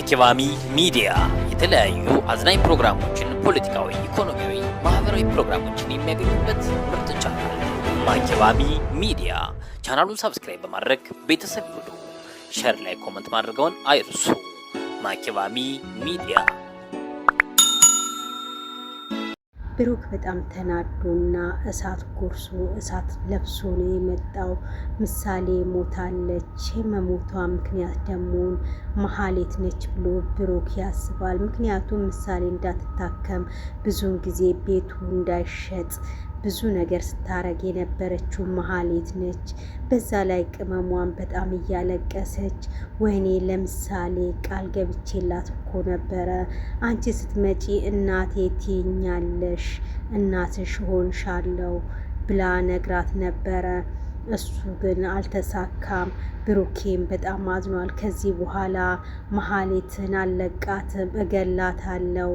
ማኪባሚ ሚዲያ የተለያዩ አዝናኝ ፕሮግራሞችን፣ ፖለቲካዊ፣ ኢኮኖሚያዊ፣ ማህበራዊ ፕሮግራሞችን የሚያገኙበት ምርጥ ቻናል ማኪባሚ ሚዲያ። ቻናሉን ሰብስክራይብ በማድረግ ቤተሰብ ይሁኑ። ሸር ላይ ኮመንት ማድረገውን አይርሱ። ማኪባሚ ሚዲያ ብሩክ በጣም ተናዶና እሳት ጎርሶ እሳት ለብሶ ነው የመጣው። ምሳሌ ሞታለች። መሞቷ ምክንያት ደግሞ መሀሌት ነች ብሎ ብሩክ ያስባል። ምክንያቱም ምሳሌ እንዳትታከም ብዙን ጊዜ ቤቱ እንዳይሸጥ ብዙ ነገር ስታረግ የነበረችው መሀሌት ነች። በዛ ላይ ቅመሟን በጣም እያለቀሰች ወይኔ ለምሳሌ ቃል ገብቼላት እኮ ነበረ አንቺ ስትመጪ እናቴ ትይኛለሽ፣ እናትሽ ሆንሻለው ብላ ነግራት ነበረ። እሱ ግን አልተሳካም። ብሩኬም በጣም አዝኗል። ከዚህ በኋላ መሀሌትን አልለቃትም፣ እገላታለው።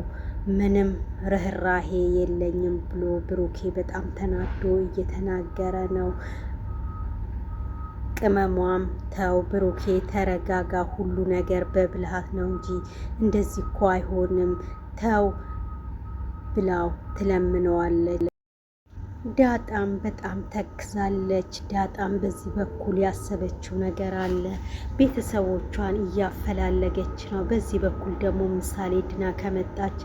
ምንም ርኅራሄ የለኝም ብሎ ብሩኬ በጣም ተናዶ እየተናገረ ነው። ቅመሟም ተው ብሩኬ ተረጋጋ፣ ሁሉ ነገር በብልሃት ነው እንጂ እንደዚህ እኮ አይሆንም ተው ብላው ትለምነዋለች። ዳጣም በጣም ተክዛለች። ዳጣም በዚህ በኩል ያሰበችው ነገር አለ። ቤተሰቦቿን እያፈላለገች ነው። በዚህ በኩል ደግሞ ምሳሌ ድና ከመጣች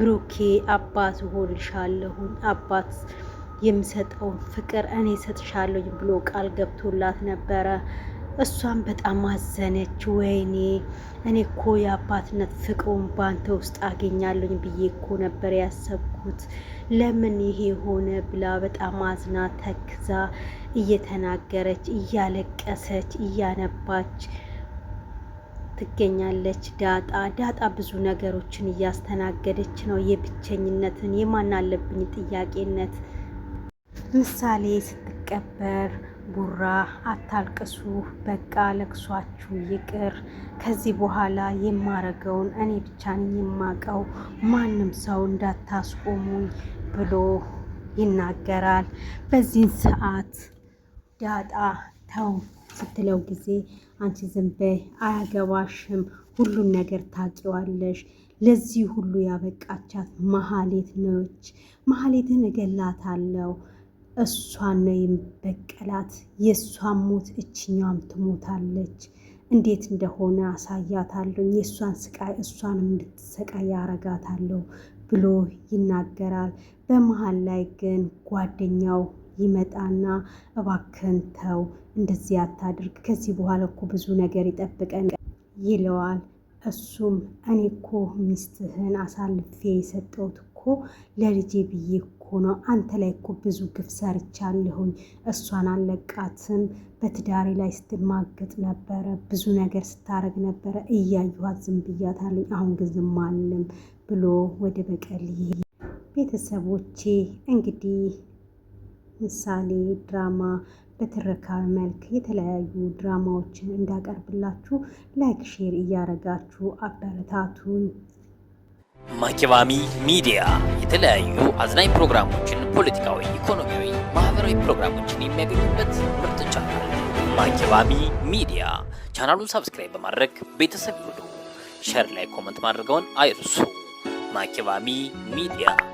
ብሩኬ አባት ሆንሻለሁን አባት የምሰጠውን ፍቅር እኔ ሰጥሻለሁ ብሎ ቃል ገብቶላት ነበረ። እሷም በጣም አዘነች። ወይኔ እኔ እኮ የአባትነት ፍቅሩን ባንተ ውስጥ አገኛለኝ ብዬ እኮ ነበር ያሰብኩት፣ ለምን ይሄ ሆነ ብላ በጣም አዝና ተክዛ እየተናገረች እያለቀሰች እያነባች ትገኛለች። ዳጣ ዳጣ ብዙ ነገሮችን እያስተናገደች ነው። የብቸኝነትን የማናለብኝ ጥያቄነት ምሳሌ ስትቀበር ቡራ አታልቅሱ፣ በቃ ለቅሷችሁ ይቅር። ከዚህ በኋላ የማረገውን እኔ ብቻ ነኝ የማቀው፣ ማንም ሰው እንዳታስቆሙኝ ብሎ ይናገራል። በዚህን ሰዓት ዳጣ ተው ስትለው ጊዜ አንቺ ዝም በይ አያገባሽም፣ ሁሉን ነገር ታቂዋለሽ ለዚህ ሁሉ ያበቃቻት መሀሌት ነች። መሀሌትን እገላታለሁ እሷን ነው የምበቀላት። የእሷን ሞት እችኛዋም ትሞታለች። እንዴት እንደሆነ አሳያታለሁ። የእሷን ስቃይ እሷን እንድትሰቃይ ያረጋታለሁ ብሎ ይናገራል። በመሀል ላይ ግን ጓደኛው ይመጣና እባክህን ተው፣ እንደዚህ አታድርግ፣ ከዚህ በኋላ እኮ ብዙ ነገር ይጠብቀን ይለዋል። እሱም እኔ እኮ ሚስትህን አሳልፌ የሰጠሁት እኮ ለልጄ ብዬ እኮ ነው። አንተ ላይ እኮ ብዙ ግፍ ሰርቻለሁኝ። እሷን አለቃትም በትዳሪ ላይ ስትማገጥ ነበረ፣ ብዙ ነገር ስታረግ ነበረ። እያየኋት ዝም ብያታለኝ። አሁን ግን ዝም አልልም ብሎ ወደ በቀል ይሄ ቤተሰቦቼ እንግዲህ ምሳሌ ድራማ በትረካዊ መልክ የተለያዩ ድራማዎችን እንዳቀርብላችሁ ላይክ ሼር እያረጋችሁ አበረታቱን። ማኪባሚ ሚዲያ የተለያዩ አዝናኝ ፕሮግራሞችን፣ ፖለቲካዊ፣ ኢኮኖሚያዊ፣ ማህበራዊ ፕሮግራሞችን የሚያገኙበት ምርጥ ቻናል ማኪባሚ ሚዲያ። ቻናሉን ሰብስክራይብ በማድረግ ቤተሰብ ይሁኑ። ሸር ላይ ኮመንት ማድረገውን አይርሱ። ማኪባሚ ሚዲያ